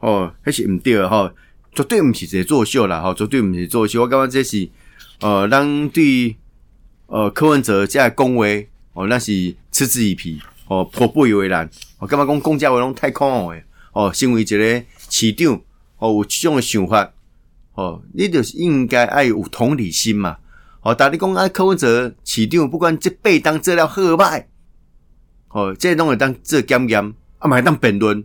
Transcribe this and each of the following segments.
哦，迄是唔對吼、哦，絕對唔是一個作秀啦吼、哦，絕對唔是一個作秀。我感覺這是，呃，咱對，呃，柯文哲這恭維，哦，咱是嗤之以鼻，哦，毫不以為然。我感覺講公家為攏太可惡。哦，身為一個市長，哦，有這種想法，哦，你就是應該愛有同理心嘛。哦，大力講啊，柯文哲市長不管即輩當做了好歹，哦，即攏會當做檢驗，啊，嘛會當辯論。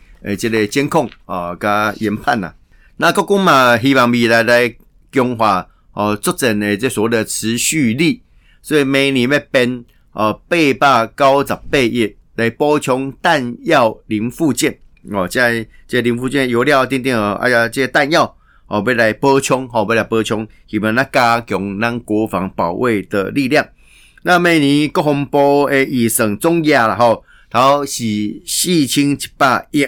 誒，即個監控啊，加研判啦，啊。那國公嘛，希望未來來強化哦，作戰誒即係所謂嘅持續力。所以每年要編哦，八百九十百億來補充彈藥、零部件。哦，即係零部件、油料等等哦，哎、啊、呀，即係彈藥哦，要來補充，哦，要來補充，希望啦加強咱國防保衛的力量。那每年國防部誒預算總額啦，嗬，是四千七百億。